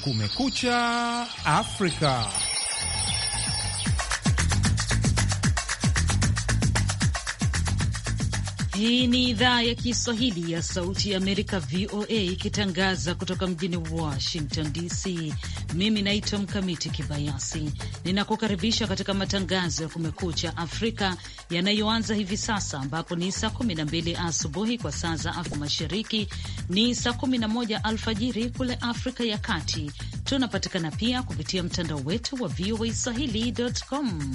Kumekucha Afrika. Hii ni idhaa ya Kiswahili ya Sauti ya Amerika, VOA, ikitangaza kutoka mjini Washington DC. Mimi naitwa Mkamiti Kibayasi, ninakukaribisha katika matangazo ya Kumekucha Afrika yanayoanza hivi sasa, ambapo ni saa 12 asubuhi kwa saa za Afrika Mashariki, ni saa 11 alfajiri kule Afrika ya Kati. Tunapatikana pia kupitia mtandao wetu wa VOA Swahili.com.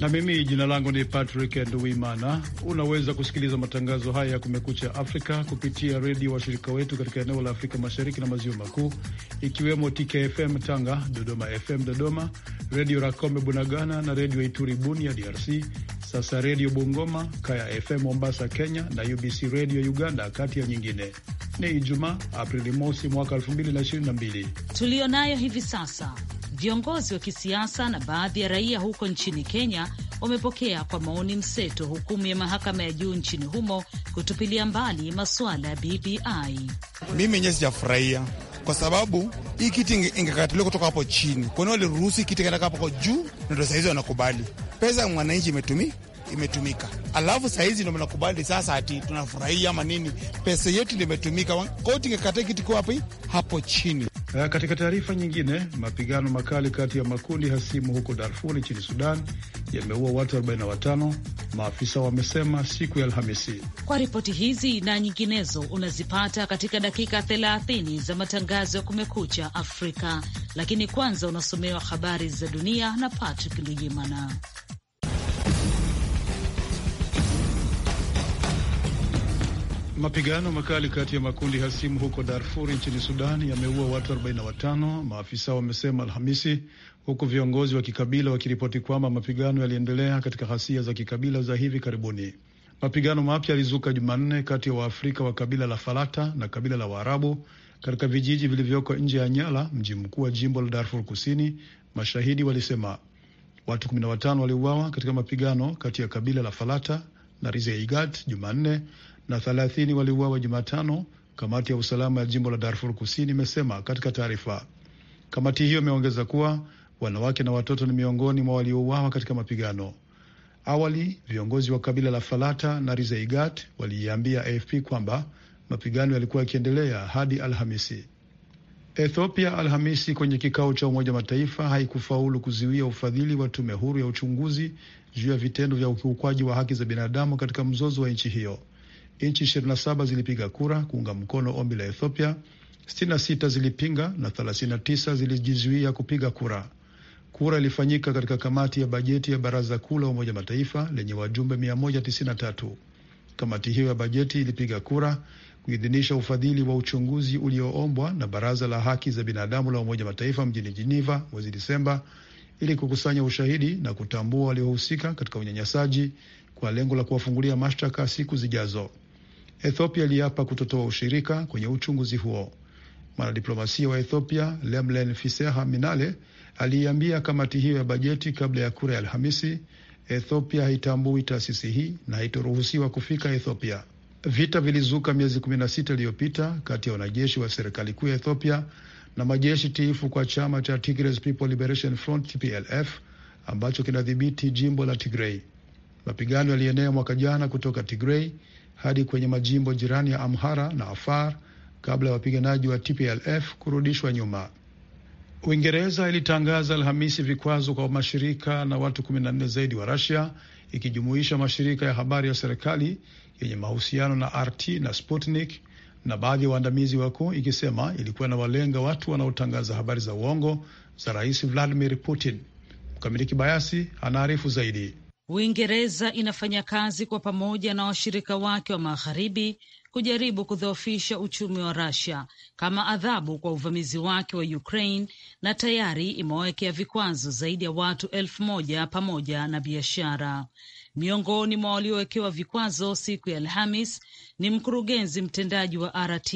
Na mimi jina langu ni Patrick Nduimana. Unaweza kusikiliza matangazo matangazo haya ya Kumekucha Afrika kupitia redio washirika wetu katika eneo la Afrika Mashariki na Maziwa Makuu, ikiwemo TKFM Tanga, Dodoma FM Dodoma, Redio Racome Bunagana na Redio Ituri Bunia DRC, sasa Redio Bungoma, Kaya FM Mombasa Kenya na UBC Redio Uganda, kati ya nyingine. Ni Ijumaa, Aprili mosi mwaka 2022. Tuliyonayo hivi sasa, viongozi wa kisiasa na baadhi ya raia huko nchini Kenya umepokea kwa maoni mseto hukumu ya mahakama ya juu nchini humo kutupilia mbali masuala ya BBI. Mimi enyewe sijafurahia kwa sababu hii kiti ingekatiliwa kutoka hapo chini, kwani waliruhusu kiti kaenda hapo juu, na ndo sahizi wanakubali pesa ya mwananchi imetumi imetumika alafu sahizi ndo mnakubali sasa, ati tunafurahia ama nini? Pesa yetu limetumika, koti ingekata kiti kwa hapo chini Eh, katika taarifa nyingine, mapigano makali kati ya makundi hasimu huko Darfur nchini Sudan yameua watu 45, maafisa wamesema siku ya Alhamisi. Kwa ripoti hizi na nyinginezo unazipata katika dakika 30 za matangazo ya Kumekucha Afrika, lakini kwanza unasomewa habari za dunia na Patrick Ndujimana. Mapigano makali kati ya makundi hasimu huko Darfur nchini Sudan yameua watu 45, maafisa wamesema Alhamisi, huku viongozi wa kikabila wakiripoti kwamba mapigano yaliendelea katika ghasia za kikabila za hivi karibuni. Mapigano mapya yalizuka Jumanne kati ya Waafrika wa kabila la Falata na kabila la Waarabu katika vijiji vilivyoko nje ya Nyala, mji mkuu wa jimbo la Darfur Kusini. Mashahidi walisema watu 15 waliuawa katika mapigano kati ya kabila la Falata na Rizeigat Jumanne na thelathini waliuawa Jumatano, kamati ya usalama ya jimbo la Darfur Kusini imesema katika taarifa. Kamati hiyo imeongeza kuwa wanawake na watoto ni miongoni mwa waliouawa katika mapigano. Awali viongozi wa kabila la Falata na Rizeigat waliiambia AFP kwamba mapigano yalikuwa yakiendelea hadi Alhamisi. Ethiopia Alhamisi kwenye kikao cha Umoja Mataifa haikufaulu kuziwia ufadhili wa tume huru ya uchunguzi juu ya vitendo vya ukiukwaji wa haki za binadamu katika mzozo wa nchi hiyo. Nchi 27 zilipiga kura kuunga mkono ombi la Ethiopia, 66 zilipinga na 39 zilijizuia kupiga kura. Kura ilifanyika katika kamati ya bajeti ya Baraza Kuu la Umoja Mataifa lenye wajumbe 193. Kamati hiyo ya bajeti ilipiga kura kuidhinisha ufadhili wa uchunguzi ulioombwa na Baraza la Haki za Binadamu la Umoja Mataifa mjini Jiniva mwezi Disemba ili kukusanya ushahidi na kutambua waliohusika katika unyanyasaji kwa lengo la kuwafungulia mashtaka siku zijazo. Ethiopia iliapa kutotoa ushirika kwenye uchunguzi huo. Mwanadiplomasia wa Ethiopia Lemlen Fiseha Minale aliiambia kamati hiyo ya bajeti kabla ya kura ya Alhamisi, Ethiopia haitambui taasisi hii na haitoruhusiwa kufika Ethiopia. Vita vilizuka miezi 16 iliyopita kati ya wanajeshi wa serikali kuu ya Ethiopia na majeshi tiifu kwa chama cha Tigray People Liberation Front TPLF ambacho kinadhibiti jimbo la Tigray. Mapigano yalienea mwaka jana kutoka Tigray hadi kwenye majimbo jirani ya Amhara na Afar kabla ya wapiganaji wa TPLF kurudishwa nyuma. Uingereza ilitangaza Alhamisi vikwazo kwa mashirika na watu 14 zaidi wa rasia ikijumuisha mashirika ya habari ya serikali yenye mahusiano na RT na Sputnik na baadhi ya waandamizi wakuu, ikisema ilikuwa na walenga watu wanaotangaza habari za uongo za Rais Vladimir Putin. Mkamiliki Bayasi anaarifu zaidi. Uingereza inafanya kazi kwa pamoja na washirika wake wa magharibi kujaribu kudhoofisha uchumi wa Russia kama adhabu kwa uvamizi wake wa Ukraine na tayari imewawekea vikwazo zaidi ya watu elfu moja pamoja na biashara. Miongoni mwa waliowekewa vikwazo siku ya Alhamis ni mkurugenzi mtendaji wa RT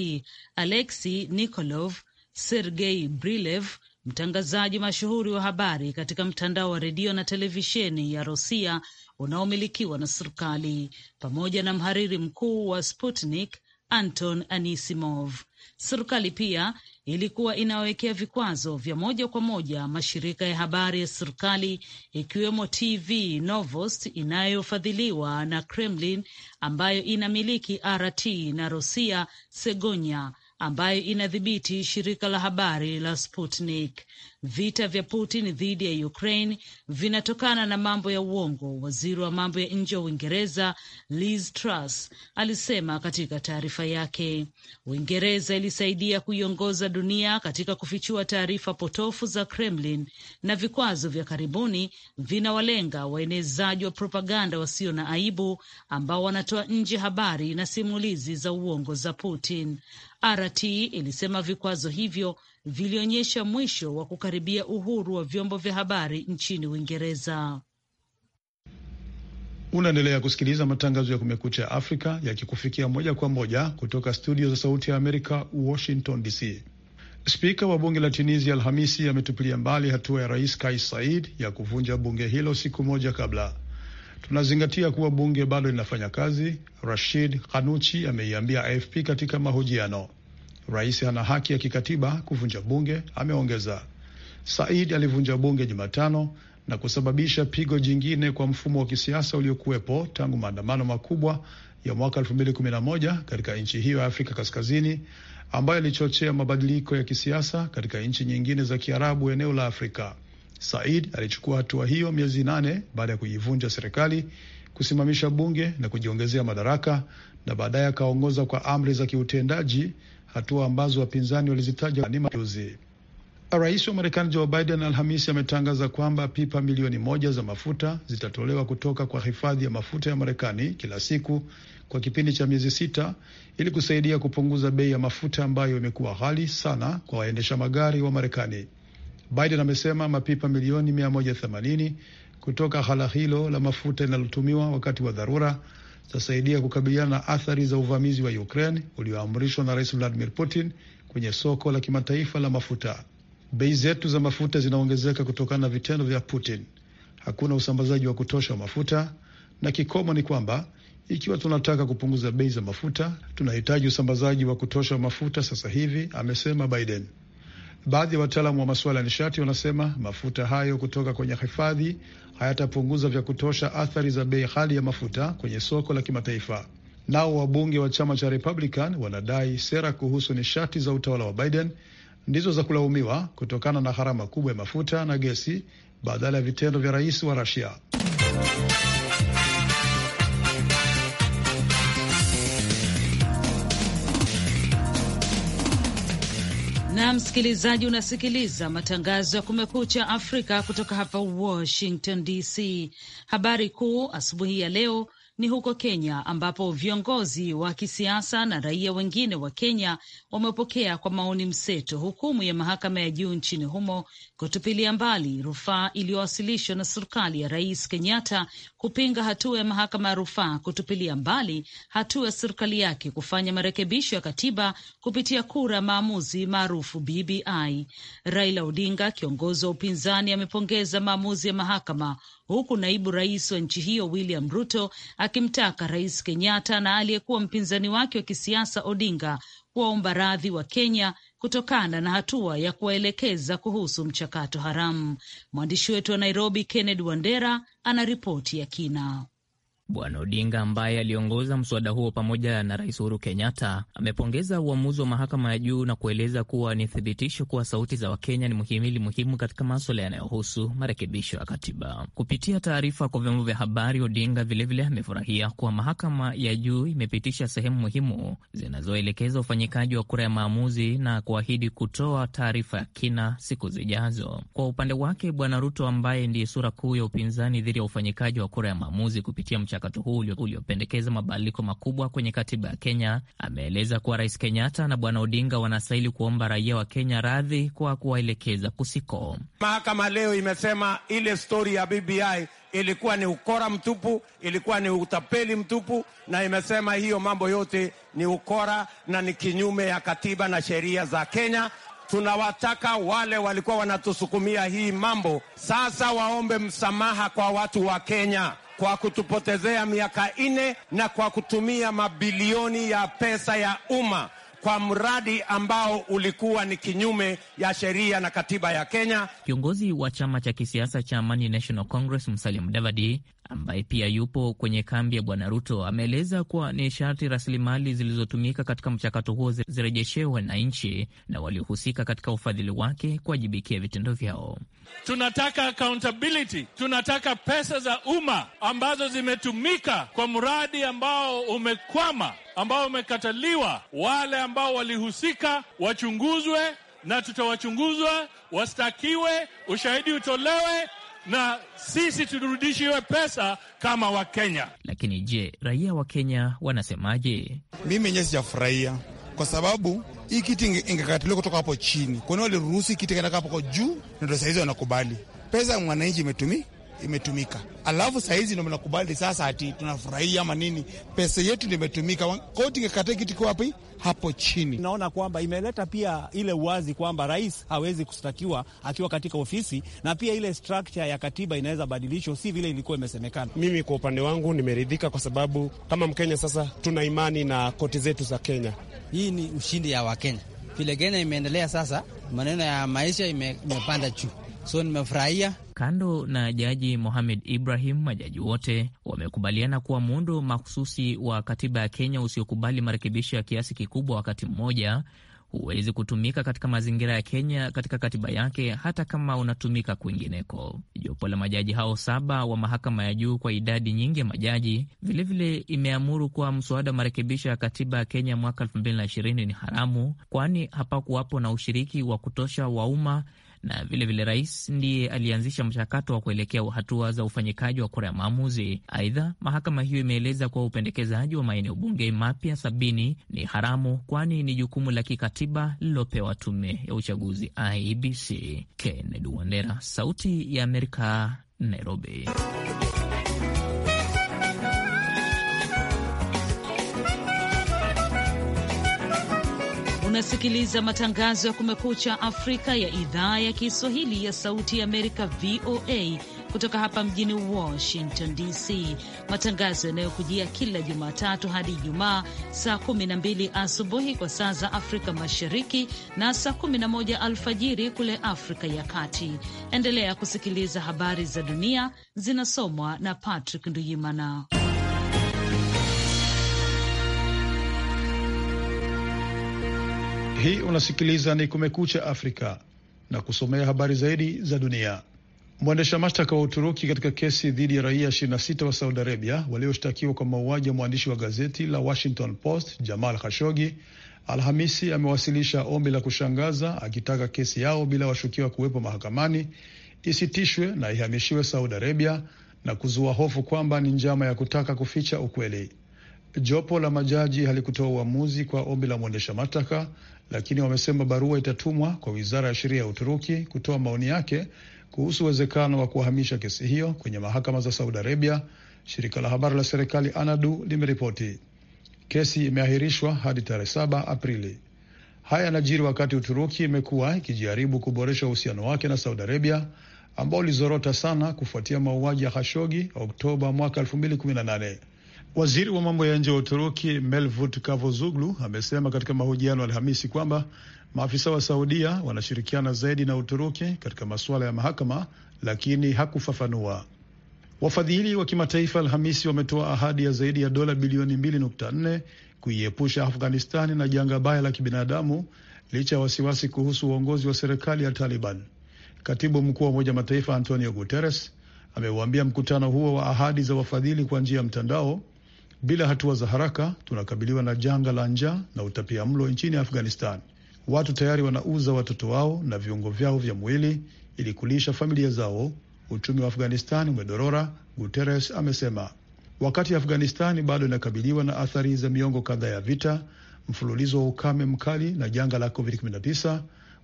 Alexei Nikolov, Sergei Brilev mtangazaji mashuhuri wa habari katika mtandao wa redio na televisheni ya Rosia unaomilikiwa na serikali pamoja na mhariri mkuu wa Sputnik Anton Anisimov. Serikali pia ilikuwa inawekea vikwazo vya moja kwa moja mashirika ya habari ya serikali ikiwemo TV Novost inayofadhiliwa na Kremlin ambayo inamiliki RT na Rosia Segonya ambayo inadhibiti shirika la habari la Sputnik vita vya Putin dhidi ya Ukraine vinatokana na mambo ya uongo, waziri wa mambo ya nje wa Uingereza Liz Truss alisema katika taarifa yake. Uingereza ilisaidia kuiongoza dunia katika kufichua taarifa potofu za Kremlin, na vikwazo vya karibuni vinawalenga waenezaji wa propaganda wasio na aibu ambao wanatoa nje habari na simulizi za uongo za Putin. RT ilisema vikwazo hivyo vilionyesha mwisho wa kukaribia uhuru wa vyombo vya habari nchini Uingereza. Unaendelea kusikiliza matangazo ya Kumekucha ya Afrika yakikufikia moja kwa moja kutoka studio za Sauti ya Amerika, Washington DC. Spika wa bunge la Tunisia Alhamisi ametupilia mbali hatua ya rais Kais Said ya kuvunja bunge hilo siku moja kabla. Tunazingatia kuwa bunge bado linafanya kazi, Rashid hanuchi ameiambia AFP katika mahojiano. Rais ana haki ya kikatiba kuvunja bunge, ameongeza. Said alivunja bunge Jumatano na kusababisha pigo jingine kwa mfumo wa kisiasa uliokuwepo tangu maandamano makubwa ya mwaka 2011 katika nchi hiyo ya Afrika Kaskazini ambayo ilichochea mabadiliko ya kisiasa katika nchi nyingine za Kiarabu eneo la Afrika. Said alichukua hatua hiyo miezi nane baada ya kuivunja serikali, kusimamisha bunge na kujiongezea madaraka, na baadaye akaongoza kwa amri za kiutendaji hatua ambazo wapinzani walizitaja ni majuzi. Rais wa Marekani Joe Biden Alhamisi ametangaza kwamba pipa milioni moja za mafuta zitatolewa kutoka kwa hifadhi ya mafuta ya Marekani kila siku kwa kipindi cha miezi sita ili kusaidia kupunguza bei ya mafuta ambayo imekuwa ghali sana kwa waendesha magari wa Marekani. Biden amesema mapipa milioni 180 kutoka hala hilo la mafuta linalotumiwa wakati wa dharura zitasaidia kukabiliana na athari za uvamizi wa Ukraine ulioamrishwa na Rais Vladimir Putin kwenye soko la kimataifa la mafuta. Bei zetu za mafuta zinaongezeka kutokana na vitendo vya Putin. Hakuna usambazaji wa kutosha wa mafuta, na kikomo ni kwamba ikiwa tunataka kupunguza bei za mafuta, tunahitaji usambazaji wa kutosha wa mafuta sasa hivi, amesema Biden. Baadhi ya wataalamu wa masuala ya nishati wanasema mafuta hayo kutoka kwenye hifadhi hayatapunguza vya kutosha athari za bei ghali ya mafuta kwenye soko la kimataifa. Nao wabunge wa chama cha Republican wanadai sera kuhusu nishati za utawala wa Biden ndizo za kulaumiwa kutokana na gharama kubwa ya mafuta na gesi badala ya vitendo vya rais wa Rusia. na msikilizaji, unasikiliza matangazo ya Kumekucha Afrika kutoka hapa Washington DC. Habari kuu asubuhi ya leo ni huko Kenya ambapo viongozi wa kisiasa na raia wengine wa Kenya wamepokea kwa maoni mseto hukumu ya mahakama ya juu nchini humo kutupilia mbali rufaa iliyowasilishwa na serikali ya Rais Kenyatta kupinga hatua ya mahakama ya rufaa kutupilia mbali hatua ya serikali yake kufanya marekebisho ya katiba kupitia kura ya maamuzi maarufu BBI. Raila Odinga, kiongozi wa upinzani, amepongeza maamuzi ya mahakama huku naibu rais wa nchi hiyo William Ruto akimtaka Rais Kenyatta na aliyekuwa mpinzani wake wa kisiasa Odinga kuwaomba radhi wa Kenya kutokana na hatua ya kuwaelekeza kuhusu mchakato haramu. Mwandishi wetu wa Nairobi Kennedy Wandera ana ripoti ya kina. Bwana Odinga ambaye aliongoza mswada huo pamoja na Rais Uhuru Kenyatta amepongeza uamuzi wa mahakama ya juu na kueleza kuwa ni thibitisho kuwa sauti za Wakenya ni muhimili muhimu katika maswala yanayohusu marekebisho ya katiba. Kupitia taarifa kwa vyombo vya habari, Odinga vilevile amefurahia kuwa mahakama ya juu imepitisha sehemu muhimu zinazoelekeza ufanyikaji wa kura ya maamuzi na kuahidi kutoa taarifa ya kina siku zijazo. Kwa upande wake, Bwana Ruto ambaye ndiye sura kuu ya upinzani dhidi ya ufanyikaji wa kura ya maamuzi kupitia mchakato mchakato huu uliopendekeza mabadiliko makubwa kwenye katiba ya Kenya, ameeleza kuwa Rais Kenyatta na Bwana Odinga wanastahili kuomba raia wa Kenya radhi kwa kuwaelekeza kusiko. Mahakama leo imesema ile stori ya BBI ilikuwa ni ukora mtupu, ilikuwa ni utapeli mtupu, na imesema hiyo mambo yote ni ukora na ni kinyume ya katiba na sheria za Kenya. Tunawataka wale walikuwa wanatusukumia hii mambo sasa waombe msamaha kwa watu wa Kenya kwa kutupotezea miaka nne na kwa kutumia mabilioni ya pesa ya umma kwa mradi ambao ulikuwa ni kinyume ya sheria na katiba ya Kenya. Kiongozi wa chama cha kisiasa cha Amani National Congress Musalia Mudavadi, ambaye pia yupo kwenye kambi ya Bwana Ruto, ameeleza kuwa ni sharti rasilimali zilizotumika katika mchakato huo zirejeshewe wananchi na waliohusika katika ufadhili wake kuwajibikia vitendo vyao. Tunataka accountability, tunataka pesa za umma ambazo zimetumika kwa mradi ambao umekwama ambao umekataliwa, wale ambao walihusika wachunguzwe na tutawachunguzwa, wastakiwe, ushahidi utolewe na sisi turudishiwe pesa kama Wakenya. Lakini je, raia wa Kenya wanasemaje? Mimi enyewe sijafurahia kwa sababu hii kiti ingekatiliwa kutoka hapo chini, kwani waliruhusi kiti kaenda hapo juu, ndo sahizi wanakubali pesa mwananchi imetumia imetumika. Alafu sahizi ndo mnakubali sasa ati tunafurahia ama nini? Pesa yetu ndo imetumika, koti ingekata kitu kiko wapi? Hapo chini. Naona kwamba imeleta pia ile uwazi kwamba rais hawezi kustakiwa akiwa katika ofisi, na pia ile structure ya katiba inaweza badilishwa, si vile ilikuwa imesemekana. Mimi kwa upande wangu nimeridhika, kwa sababu kama Mkenya sasa tuna imani na koti zetu za Kenya. Hii ni ushindi ya Wakenya vile Kenya imeendelea sasa, maneno ya maisha imepanda ime juu, so nimefurahia Kando na Jaji Mohamed Ibrahim, majaji wote wamekubaliana kuwa muundo makhususi wa katiba ya Kenya usiokubali marekebisho ya kiasi kikubwa wakati mmoja huwezi kutumika katika mazingira ya Kenya katika katiba yake hata kama unatumika kwingineko. Jopo la majaji hao saba wa mahakama ya juu kwa idadi nyingi ya majaji vilevile vile imeamuru kuwa mswada wa marekebisho ya katiba ya Kenya mwaka 2020 ni haramu, kwani hapakuwapo na ushiriki wa kutosha wa umma na vilevile vile rais ndiye alianzisha mchakato wa kuelekea hatua za ufanyikaji wa kura ya maamuzi. Aidha, mahakama hiyo imeeleza kuwa upendekezaji wa maeneo bunge mapya sabini ni haramu, kwani ni jukumu la kikatiba lililopewa tume ya uchaguzi ibc Kennedy Wandera, Sauti ya Amerika, Nairobi. Unasikiliza matangazo ya Kumekucha Afrika ya idhaa ya Kiswahili ya Sauti ya Amerika, VOA, kutoka hapa mjini Washington DC, matangazo yanayokujia kila Jumatatu hadi Ijumaa saa 12 asubuhi kwa saa za Afrika Mashariki na saa 11 alfajiri kule Afrika ya Kati. Endelea kusikiliza habari za dunia zinasomwa na Patrick Nduyimana. Hii unasikiliza ni Kumekucha Afrika na kusomea habari zaidi za dunia. Mwendesha mashtaka wa Uturuki katika kesi dhidi ya raia 26 wa Saudi Arabia walioshtakiwa kwa mauaji ya mwandishi wa gazeti la Washington Post Jamal Khashoggi Alhamisi amewasilisha ombi la kushangaza akitaka kesi yao bila washukiwa kuwepo mahakamani isitishwe na ihamishiwe Saudi Arabia na kuzua hofu kwamba ni njama ya kutaka kuficha ukweli. Jopo la majaji halikutoa uamuzi kwa ombi la mwendesha mashtaka, lakini wamesema barua itatumwa kwa wizara ya sheria ya Uturuki kutoa maoni yake kuhusu uwezekano wa kuhamisha kesi hiyo kwenye mahakama za Saudi Arabia. Shirika la habari la serikali Anadu limeripoti kesi imeahirishwa hadi tarehe saba Aprili. Haya yanajiri wakati Uturuki imekuwa ikijaribu kuboresha uhusiano wake na Saudi Arabia ambao ulizorota sana kufuatia mauaji ya Khashogi Oktoba mwaka 2018. Waziri wa mambo ya nje wa Uturuki Melvut kavozuglu amesema katika mahojiano Alhamisi kwamba maafisa wa Saudia wanashirikiana zaidi na Uturuki katika masuala ya mahakama, lakini hakufafanua. Wafadhili wa kimataifa Alhamisi wametoa ahadi ya zaidi ya dola bilioni 2.4 kuiepusha Afghanistani na janga baya la kibinadamu licha ya wasiwasi kuhusu uongozi wa serikali ya Taliban. Katibu mkuu wa Umoja Mataifa Antonio Guterres ameuambia mkutano huo wa ahadi za wafadhili kwa njia ya mtandao bila hatua za haraka, tunakabiliwa na janga la njaa na utapia mlo nchini Afghanistan. Watu tayari wanauza watoto wao na viungo vyao vya mwili ili kulisha familia zao. Uchumi wa Afghanistan umedorora, Guterres amesema. Wakati Afghanistani bado inakabiliwa na athari za miongo kadhaa ya vita, mfululizo wa ukame mkali na janga la COVID-19,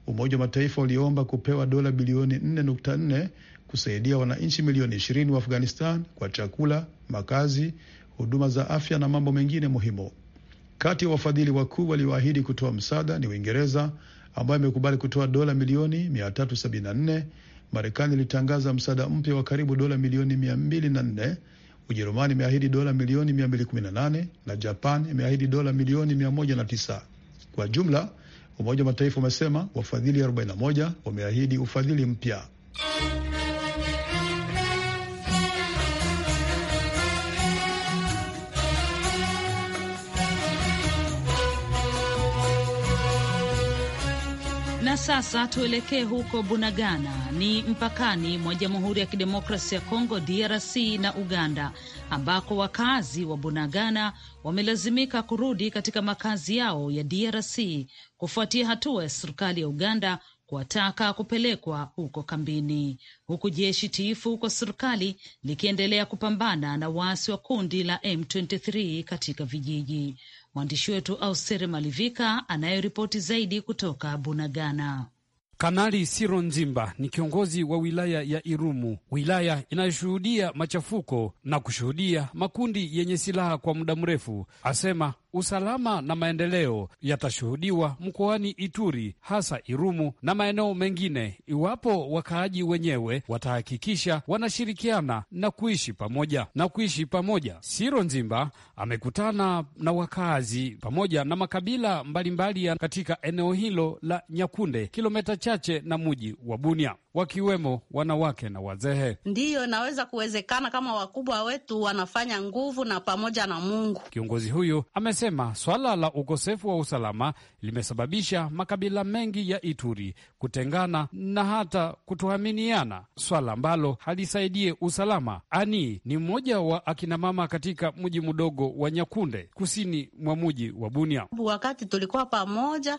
Umoja wa Mataifa uliomba kupewa dola bilioni 4.4 kusaidia wananchi milioni 20 wa Afghanistan kwa chakula, makazi huduma za afya na mambo mengine muhimu. Kati ya wafadhili wakuu walioahidi kutoa msaada ni Uingereza ambayo imekubali kutoa dola milioni 374. Marekani ilitangaza msaada mpya wa karibu dola milioni 204. Ujerumani imeahidi dola milioni 218 na Japan imeahidi dola milioni 109. Kwa jumla, Umoja wa Mataifa umesema wafadhili 41 wameahidi ufadhili mpya. sasa tuelekee huko Bunagana, ni mpakani mwa Jamhuri ya kidemokrasi ya Kongo DRC na Uganda, ambako wakazi wa Bunagana wamelazimika kurudi katika makazi yao ya DRC kufuatia hatua ya serikali ya Uganda kuwataka kupelekwa huko kambini, huku jeshi tiifu kwa serikali likiendelea kupambana na waasi wa kundi la M23 katika vijiji. Mwandishi wetu Austere Malivika anayeripoti zaidi kutoka Bunagana. Kanali Siro Nzimba ni kiongozi wa wilaya ya Irumu, wilaya inayoshuhudia machafuko na kushuhudia makundi yenye silaha kwa muda mrefu. Asema usalama na maendeleo yatashuhudiwa mkoani Ituri, hasa Irumu na maeneo mengine, iwapo wakaaji wenyewe watahakikisha wanashirikiana na kuishi pamoja na kuishi pamoja. Siro Nzimba amekutana na wakaazi pamoja na makabila mbalimbali mbali katika eneo hilo la Nyakunde, kilometa chache na muji wa Bunia wakiwemo wanawake na wazee. Ndiyo inaweza kuwezekana kama wakubwa wetu wanafanya nguvu na pamoja na Mungu. Kiongozi huyu amesema swala la ukosefu wa usalama limesababisha makabila mengi ya Ituri kutengana na hata kutoaminiana, swala ambalo halisaidie usalama. Ani ni mmoja wa akinamama katika mji mdogo wa Nyakunde kusini mwa mji wa Bunia. Wakati tulikuwa pamoja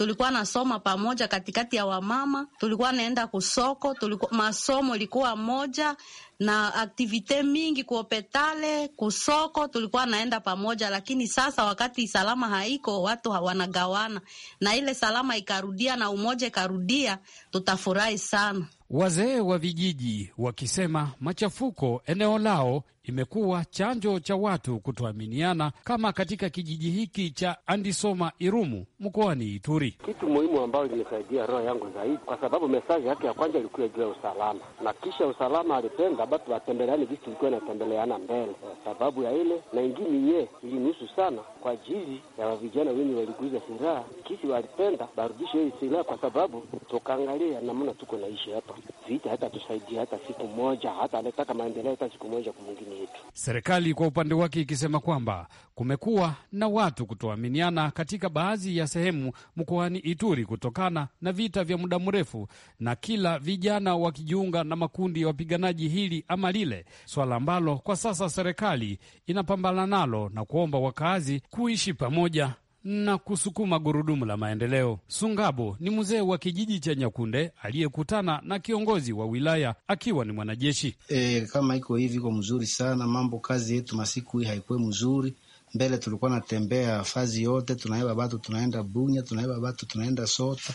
tulikuwa nasoma pamoja katikati ya wamama, tulikuwa naenda kusoko, tulikuwa masomo ilikuwa moja na aktivite mingi kuopetale kusoko tulikuwa naenda pamoja, lakini sasa wakati salama haiko, watu wanagawana, na ile salama ikarudia na umoja ikarudia, tutafurahi sana. Wazee wa vijiji wakisema machafuko eneo lao imekuwa chanjo cha watu kutoaminiana, kama katika kijiji hiki cha Andisoma Irumu mkoani Ituri. Kitu muhimu ambayo imesaidia roho yangu zaidi, kwa sababu mesaji yake ya kwanza ilikuwa juu ya usalama, na kisha usalama alipenda batu watembeleani visi ilikuwa inatembeleana mbele, kwa sababu ya ile na ingine ye ilinusu sana kwa ajili ya wavijana wenye waliguza silaha, kisi walipenda barudishe hii silaha, kwa sababu tukaangalia namna tuko naishi hapa, vita hata tusaidia hata siku moja, hata anataka maendeleo hata siku moja kumwingine nchini yetu. Serikali kwa upande wake ikisema kwamba kumekuwa na watu kutoaminiana katika baadhi ya sehemu mkoani Ituri kutokana na vita vya muda mrefu na kila vijana wakijiunga na makundi ya wapiganaji hili ama lile, swala ambalo kwa sasa serikali inapambana nalo na kuomba wakaazi kuishi pamoja na kusukuma gurudumu la maendeleo. Sungabo ni mzee wa kijiji cha Nyakunde aliyekutana na kiongozi wa wilaya akiwa ni mwanajeshi. E, kama iko hivi iko mzuri sana mambo, kazi yetu masiku hii haikuwe mzuri mbele tulikuwa natembea fazi yote, tunaeba batu tunaenda Bunya, tunaeba batu tunaenda Sota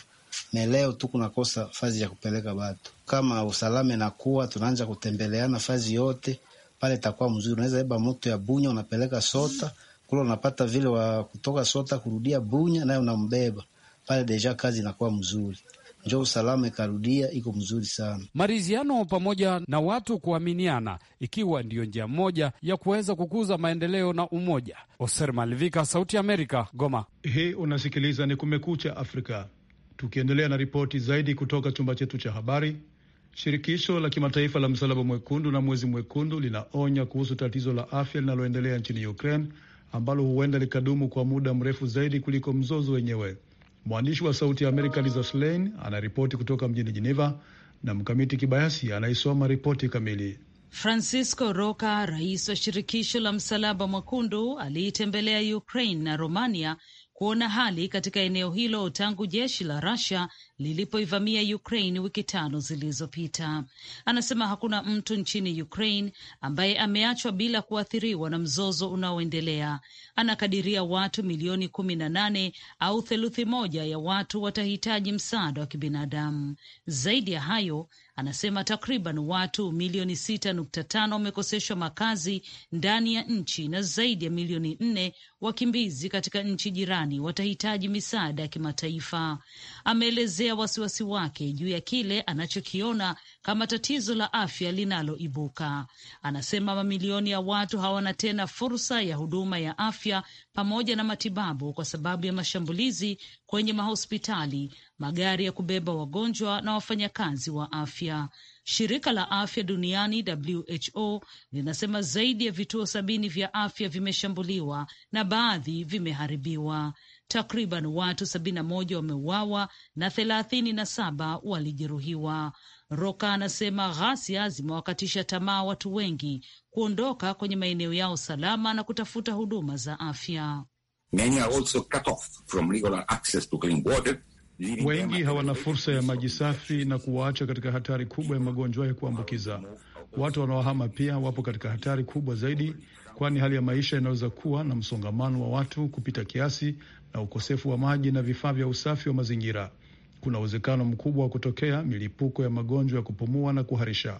meleo tu kunakosa fazi ya kupeleka batu. Kama usalama nakuwa tunaanza kutembeleana fazi yote pale, takuwa mzuri. Unaweza eba moto ya Bunya unapeleka Sota, kule unapata vile wa kutoka sota kurudia Bunya, naye unambeba pale, deja kazi inakuwa mzuri njo usalama ikarudia iko mzuri sana. mariziano pamoja na watu kuaminiana, ikiwa ndiyo njia moja ya kuweza kukuza maendeleo na umoja. Oser Malivika, Sauti Amerika, Goma. Hii unasikiliza ni Kumekucha Afrika. Tukiendelea na ripoti zaidi kutoka chumba chetu cha habari, shirikisho la kimataifa la Msalaba Mwekundu na Mwezi Mwekundu linaonya kuhusu tatizo la afya linaloendelea nchini Ukraine ambalo huenda likadumu kwa muda mrefu zaidi kuliko mzozo wenyewe. Mwandishi wa Sauti ya Amerika Lisa Schlein anaripoti kutoka mjini jeneva na Mkamiti Kibayasi anaisoma ripoti kamili. Francisco Roca, rais wa shirikisho la Msalaba Mwekundu, aliitembelea Ukraine na Romania kuona hali katika eneo hilo tangu jeshi la rasia lilipoivamia Ukraine wiki tano zilizopita. Anasema hakuna mtu nchini Ukraine ambaye ameachwa bila kuathiriwa na mzozo unaoendelea. Anakadiria watu milioni kumi na nane au theluthi moja ya watu watahitaji msaada wa kibinadamu. Zaidi ya hayo, anasema takriban watu milioni sita nukta tano wamekoseshwa makazi ndani ya nchi na zaidi ya milioni nne wakimbizi katika nchi jirani watahitaji misaada ya kimataifa. Ameelezea kuelezea wasiwasi wake juu ya kile anachokiona kama tatizo la afya linaloibuka. Anasema mamilioni ya watu hawana tena fursa ya huduma ya afya pamoja na matibabu kwa sababu ya mashambulizi kwenye mahospitali, magari ya kubeba wagonjwa na wafanyakazi wa afya. Shirika la afya duniani WHO linasema zaidi ya vituo sabini vya afya vimeshambuliwa na baadhi vimeharibiwa. Takriban watu sabini na moja wameuawa na thelathini na saba walijeruhiwa. Roka anasema ghasia zimewakatisha tamaa watu wengi kuondoka kwenye maeneo yao salama na kutafuta huduma za afya. Many are also cut off from regular access to clean water. Wengi hawana fursa ya maji safi na kuwaacha katika hatari kubwa ya magonjwa ya kuambukiza. Watu wanaohama pia wapo katika hatari kubwa zaidi, kwani hali ya maisha inaweza kuwa na msongamano wa watu kupita kiasi na ukosefu wa maji na vifaa vya usafi wa mazingira. Kuna uwezekano mkubwa wa kutokea milipuko ya magonjwa ya kupumua na kuharisha.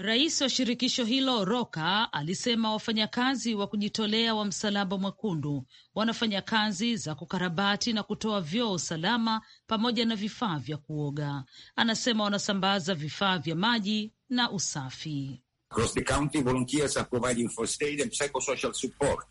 Rais wa shirikisho hilo Roka alisema wafanyakazi wa kujitolea wa Msalaba Mwekundu wanafanya kazi za kukarabati na kutoa vyoo salama pamoja na vifaa vya kuoga. Anasema wanasambaza vifaa vya maji na usafi. Across the volunteers are providing first aid and psychosocial support.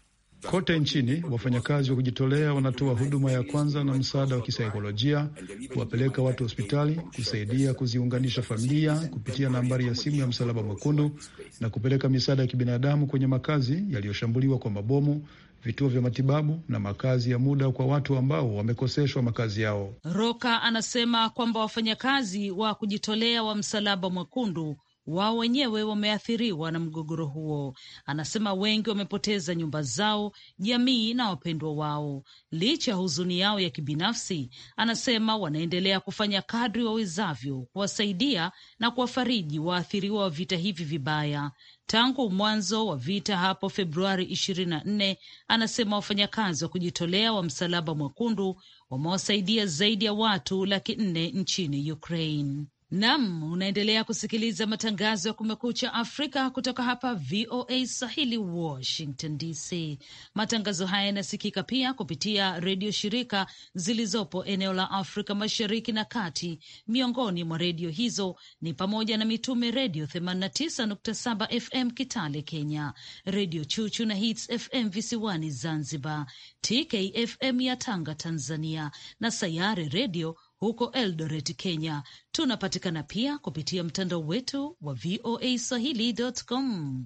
Kote nchini wafanyakazi wa kujitolea wanatoa huduma ya kwanza na msaada wa kisaikolojia, kuwapeleka watu hospitali, kusaidia kuziunganisha familia kupitia nambari ya simu ya Msalaba Mwekundu na kupeleka misaada ya kibinadamu kwenye makazi yaliyoshambuliwa kwa mabomu, vituo vya matibabu na makazi ya muda kwa watu ambao wamekoseshwa makazi yao. Roka anasema kwamba wafanyakazi wa kujitolea wa Msalaba Mwekundu wao wenyewe wameathiriwa na mgogoro huo. Anasema wengi wamepoteza nyumba zao, jamii na wapendwa wao. Licha ya huzuni yao ya kibinafsi, anasema wanaendelea kufanya kadri wawezavyo kuwasaidia na kuwafariji waathiriwa wa vita hivi vibaya. Tangu mwanzo wa vita hapo Februari 24, anasema wafanyakazi wa kujitolea wa Msalaba Mwekundu wamewasaidia zaidi ya watu laki nne nchini Ukraine. Nam, unaendelea kusikiliza matangazo ya Kumekucha Afrika kutoka hapa VOA Swahili, Washington DC. Matangazo haya yanasikika pia kupitia redio shirika zilizopo eneo la Afrika Mashariki na Kati. Miongoni mwa redio hizo ni pamoja na Mitume Redio 89.7 FM Kitale Kenya, Redio Chuchu na Hits FM visiwani Zanzibar, TKFM ya Tanga Tanzania, na Sayare Redio huko Eldoret, Kenya. Tunapatikana pia kupitia mtandao wetu wa VOA Swahili.com.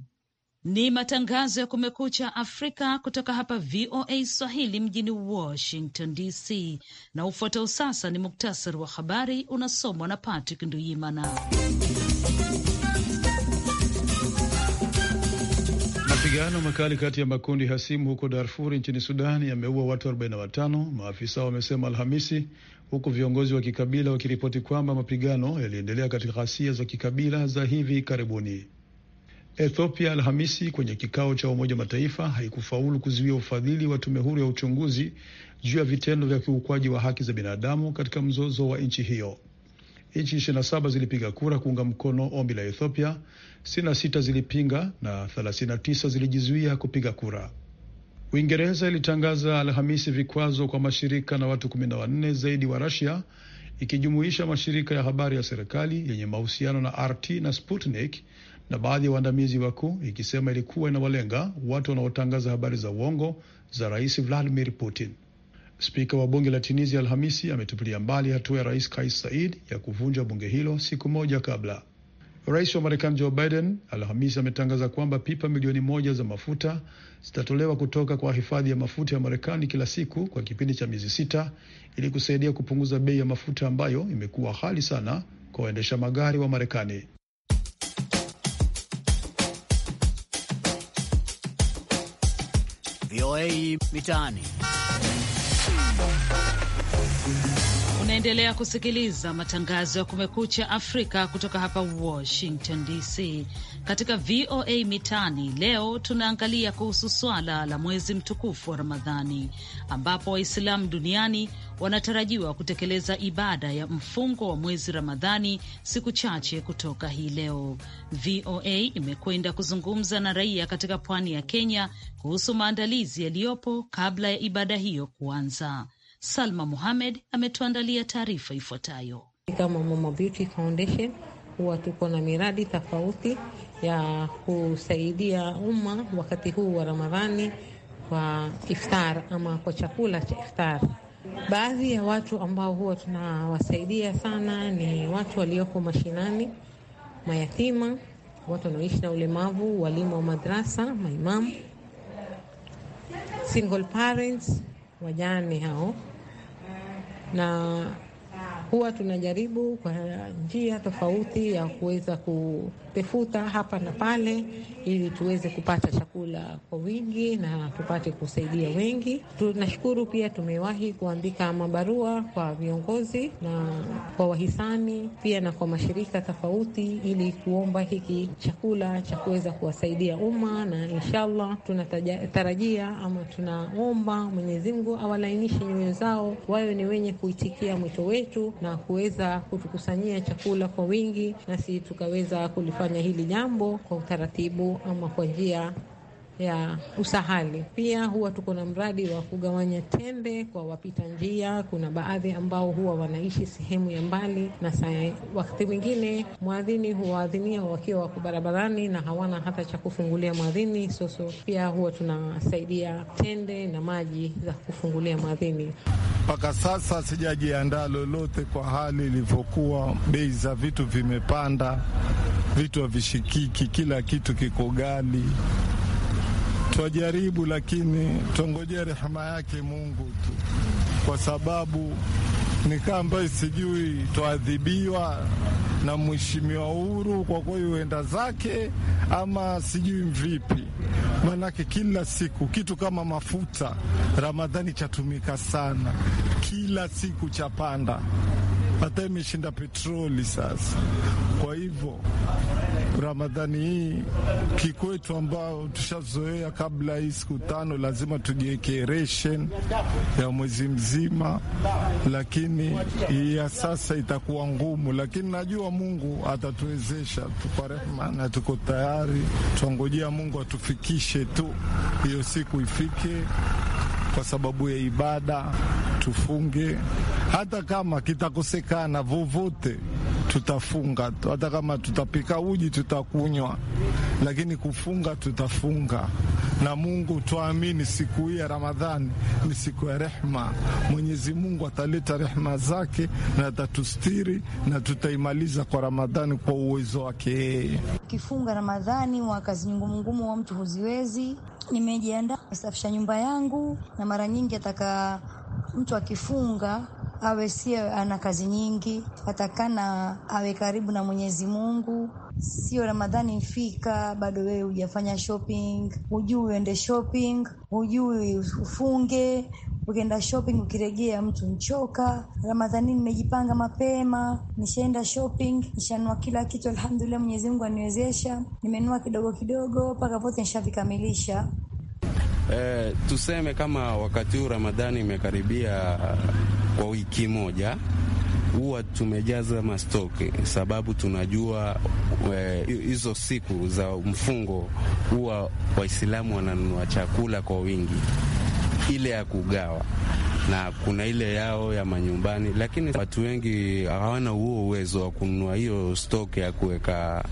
Ni matangazo ya Kumekucha Afrika kutoka hapa VOA Swahili mjini Washington DC, na ufuatao sasa ni muktasari wa habari unasomwa na Patrick Nduyimana. Mapigano makali kati ya makundi hasimu huko Darfuri nchini Sudan yameua watu 45, maafisa wamesema Alhamisi, huku viongozi wa kikabila wakiripoti kwamba mapigano yaliendelea katika ghasia za kikabila za hivi karibuni. Ethiopia Alhamisi kwenye kikao cha Umoja Mataifa haikufaulu kuzuia ufadhili wa tume huru ya uchunguzi juu ya vitendo vya kiukwaji wa haki za binadamu katika mzozo wa nchi hiyo. Nchi 27 zilipiga kura kuunga mkono ombi la Ethiopia, 66 zilipinga na 39 zilijizuia kupiga kura. Uingereza ilitangaza Alhamisi vikwazo kwa mashirika na watu 14 zaidi wa rasia ikijumuisha mashirika ya habari ya serikali yenye mahusiano na RT na Sputnik na baadhi ya waandamizi wakuu, ikisema ilikuwa inawalenga watu wanaotangaza habari za uongo za Rais Vladimir Putin. Spika wa bunge la Tunisia Alhamisi ametupilia mbali hatua ya rais Kais Said ya kuvunja bunge hilo siku moja kabla. Rais wa Marekani Joe Biden Alhamisi ametangaza kwamba pipa milioni moja za mafuta zitatolewa kutoka kwa hifadhi ya mafuta ya Marekani kila siku kwa kipindi cha miezi sita ili kusaidia kupunguza bei ya mafuta ambayo imekuwa ghali sana kwa waendesha magari wa Marekani. VOA Mitaani. Unaendelea kusikiliza matangazo ya Kumekucha Afrika kutoka hapa Washington DC. Katika VOA Mitaani leo tunaangalia kuhusu swala la mwezi mtukufu wa Ramadhani, ambapo Waislamu duniani wanatarajiwa kutekeleza ibada ya mfungo wa mwezi Ramadhani siku chache kutoka hii leo. VOA imekwenda kuzungumza na raia katika pwani ya Kenya kuhusu maandalizi yaliyopo kabla ya ibada hiyo kuanza. Salma muhamed ametuandalia taarifa ifuatayo. Kama Mama Beauty Foundation huwa tuko na miradi tofauti ya kusaidia umma wakati huu wa Ramadhani kwa iftar ama kwa chakula cha iftar. Baadhi ya watu ambao huwa tunawasaidia sana ni watu walioko mashinani, mayatima, watu wanaoishi na ulemavu, walimu wa madrasa, maimamu, single parents, wajane hao na huwa tunajaribu kwa njia tofauti ya kuweza kutafuta hapa na pale, ili tuweze kupata chakula kwa wingi na tupate kusaidia wengi. Tunashukuru pia tumewahi kuandika mabarua kwa viongozi na kwa wahisani pia na kwa mashirika tofauti, ili kuomba hiki chakula cha kuweza kuwasaidia umma, na inshallah tunatarajia ama tunaomba Mwenyezi Mungu awalainishe nyoyo zao, wawe ni wenye kuitikia mwito wetu na kuweza kutukusanyia chakula kwa wingi, nasi tukaweza kulifanya hili jambo kwa utaratibu ama kwa njia ya usahali. Pia huwa tuko na mradi wa kugawanya tembe kwa wapita njia. Kuna baadhi ambao huwa wanaishi sehemu ya mbali, na wakati mwingine mwadhini huwaadhinia wakiwa wako barabarani na hawana hata cha kufungulia mwadhini. Soso pia huwa tunasaidia tende na maji za kufungulia mwadhini. Mpaka sasa sijajiandaa lolote kwa hali ilivyokuwa, bei za vitu vimepanda, vitu havishikiki, kila kitu kiko gali twajaribu, lakini twangojea rehema yake Mungu tu, kwa sababu ni kaa ambayo sijui twaadhibiwa na mheshimiwa Uhuru kwa kweli huenda zake ama sijui mvipi, maanake kila siku kitu kama mafuta Ramadhani chatumika sana, kila siku chapanda hata imeshinda petroli sasa. Kwa hivyo Ramadhani hii kikwetu, ambao tushazoea kabla hii siku tano, lazima tujiwekee ration ya mwezi mzima, lakini hii ya sasa itakuwa ngumu, lakini najua Mungu atatuwezesha tu kwa rehema, na tuko tayari, twangojea Mungu atufikishe tu hiyo siku ifike, kwa sababu ya ibada tufunge, hata kama kitakosekana vovote tutafunga, hata kama tutapika uji tutakunywa, lakini kufunga tutafunga. Na Mungu twaamini, siku hii ya Ramadhani ni siku ya rehma. Mwenyezi Mungu ataleta rehma zake na atatustiri, na tutaimaliza kwa Ramadhani kwa uwezo wake. Kifunga Ramadhani wa kazi ngumu, wa mtu huziwezi. Nimejiandaa kusafisha nyumba yangu, na mara nyingi ataka mtu akifunga awe sio ana kazi nyingi, atakana awe karibu na Mwenyezi Mungu. Sio Ramadhani ifika bado wewe hujafanya shopping, hujui uende shopping, hujui ufunge. Ukienda shopping ukirejea, mtu nchoka. Ramadhani nimejipanga mapema, nishaenda shopping, nishanua kila kitu, alhamdulillah. Mwenyezi Mungu aniwezesha, nimenua kidogo kidogo mpaka vote nishavikamilisha eh, tuseme kama wakati huu Ramadhani imekaribia uh, kwa wiki moja huwa tumejaza mastoki sababu tunajua eh, hizo e, siku za mfungo huwa Waislamu wananunua chakula kwa wingi, ile ya kugawa na kuna ile yao ya manyumbani, lakini watu wengi hawana huo uwezo wa kununua hiyo stoki ya kuweka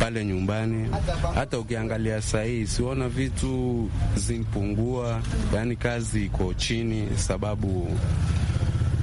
pale nyumbani. Hata ukiangalia sahii, siona vitu zimpungua yaani kazi iko chini sababu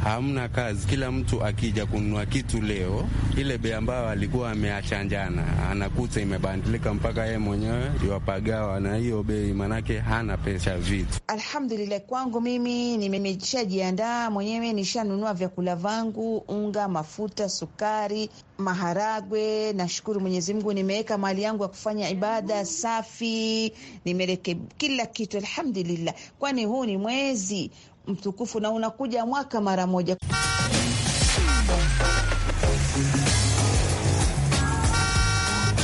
hamna kazi, kila mtu akija kununua kitu leo, ile bei ambayo alikuwa ameachanjana anakuta imebandilika mpaka yeye mwenyewe iwapagawa na hiyo bei, manake hana pesa vitu. Alhamdulillah, kwangu mimi nimeshajiandaa mwenyewe, nishanunua vyakula vangu, unga, mafuta, sukari, maharagwe. Nashukuru Mwenyezi Mungu, nimeweka mali yangu ya kufanya ibada safi, nimeleke kila kitu alhamdulillah, kwani huu ni mwezi mtukufu na unakuja mwaka mara moja.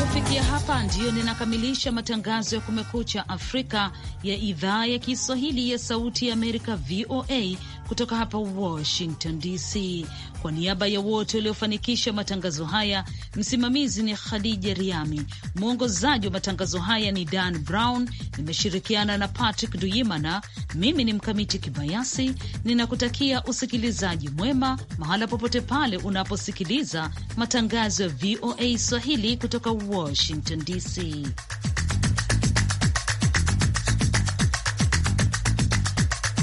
Kufikia hapa ndiyo ninakamilisha matangazo ya Kumekucha Afrika ya idhaa ya Kiswahili ya Sauti ya Amerika, VOA kutoka hapa Washington DC. Kwa niaba ya wote waliofanikisha matangazo haya, msimamizi ni Khadija Riami, mwongozaji wa matangazo haya ni Dan Brown, nimeshirikiana na Patrick Duyimana. Mimi ni Mkamiti Kibayasi, ninakutakia usikilizaji mwema mahala popote pale unaposikiliza matangazo ya VOA Swahili kutoka Washington DC.